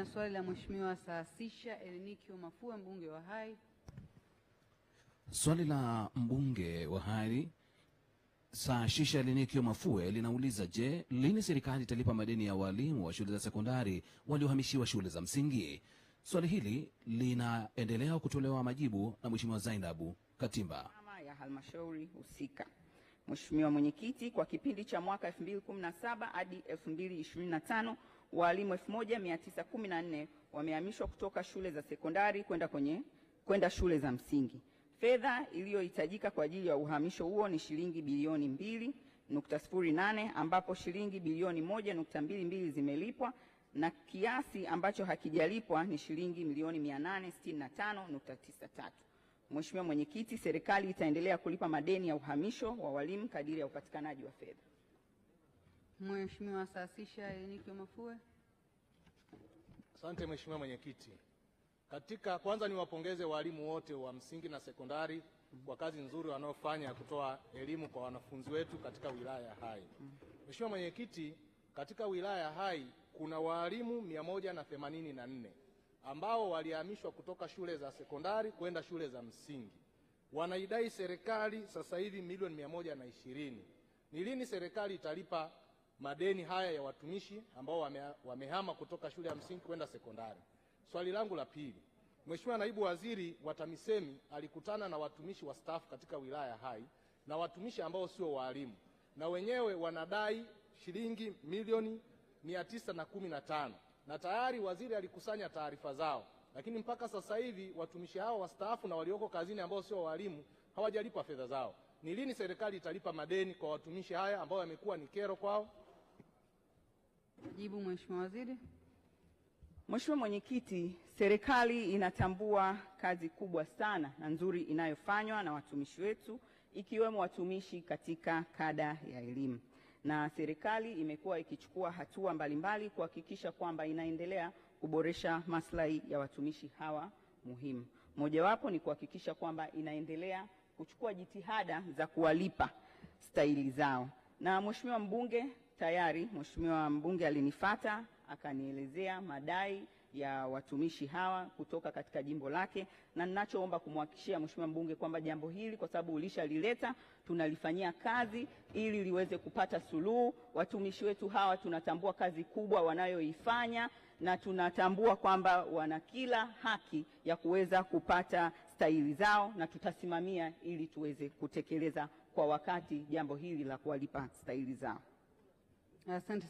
na swali la Mheshimiwa Saasisha Elinikio Mafua, mbunge wa Hai. Swali la mbunge wa Hai Saashisha Elinikio Mafue linauliza, je, lini serikali italipa madeni ya walimu wa shule za sekondari waliohamishiwa shule za msingi? Swali hili linaendelea kutolewa majibu na Mheshimiwa Zainabu Katimba ya halmashauri husika. Mheshimiwa Mwenyekiti, kwa kipindi cha mwaka 2017 hadi 2025 walimu 1914 wamehamishwa kutoka shule za sekondari kwenda kwenye kwenda shule za msingi. Fedha iliyohitajika kwa ajili ya uhamisho huo ni shilingi bilioni mbili nukta sifuri nane ambapo shilingi bilioni moja nukta mbili mbili zimelipwa na kiasi ambacho hakijalipwa ni shilingi milioni mia nane sitini na tano nukta tisa tatu. Mheshimiwa Mwenyekiti, serikali itaendelea kulipa madeni ya uhamisho wa walimu kadiri ya upatikanaji wa fedha. Mheshimiwa Saasisha Enikyo Mafue. Asante Mheshimiwa Mwenyekiti. Katika kwanza niwapongeze walimu wote wa msingi na sekondari kwa kazi nzuri wanaofanya ya kutoa elimu kwa wanafunzi wetu katika wilaya ya Hai. Mheshimiwa Mwenyekiti, katika wilaya ya Hai kuna walimu 184 ambao walihamishwa kutoka shule za sekondari kwenda shule za msingi. Wanaidai serikali sasa hivi milioni 120. Ni lini serikali italipa madeni haya ya watumishi ambao wame, wamehama kutoka shule ya msingi kwenda sekondari. Swali langu la pili, Mheshimiwa Naibu Waziri wa TAMISEMI alikutana na watumishi staff katika wilaya Hai na watumishi ambao sio waalimu na wenyewe wanadai shilingi milioni mia tisa na kumi na tano na tayari waziri alikusanya taarifa zao, lakini mpaka sasa hivi watumishi hao wastaafu na walioko kazini ambao sio walimu hawajalipa fedha zao. Ni lini serikali italipa madeni kwa watumishi haya ambao yamekuwa ni kero kwao? Jibu Mheshimiwa Waziri. Mheshimiwa Mwenyekiti, serikali inatambua kazi kubwa sana na nzuri inayofanywa na watumishi wetu ikiwemo watumishi katika kada ya elimu, na serikali imekuwa ikichukua hatua mbalimbali kuhakikisha kwamba inaendelea kuboresha maslahi ya watumishi hawa muhimu. Mojawapo ni kuhakikisha kwamba inaendelea kuchukua jitihada za kuwalipa stahili zao, na Mheshimiwa Mbunge tayari mheshimiwa mbunge alinifata akanielezea madai ya watumishi hawa kutoka katika jimbo lake, na ninachoomba kumhakikishia mheshimiwa mbunge kwamba jambo hili kwa sababu ulishalileta, tunalifanyia kazi ili liweze kupata suluhu. Watumishi wetu hawa tunatambua kazi kubwa wanayoifanya na tunatambua kwamba wana kila haki ya kuweza kupata stahili zao, na tutasimamia ili tuweze kutekeleza kwa wakati jambo hili la kuwalipa stahili zao. Asante. Uh,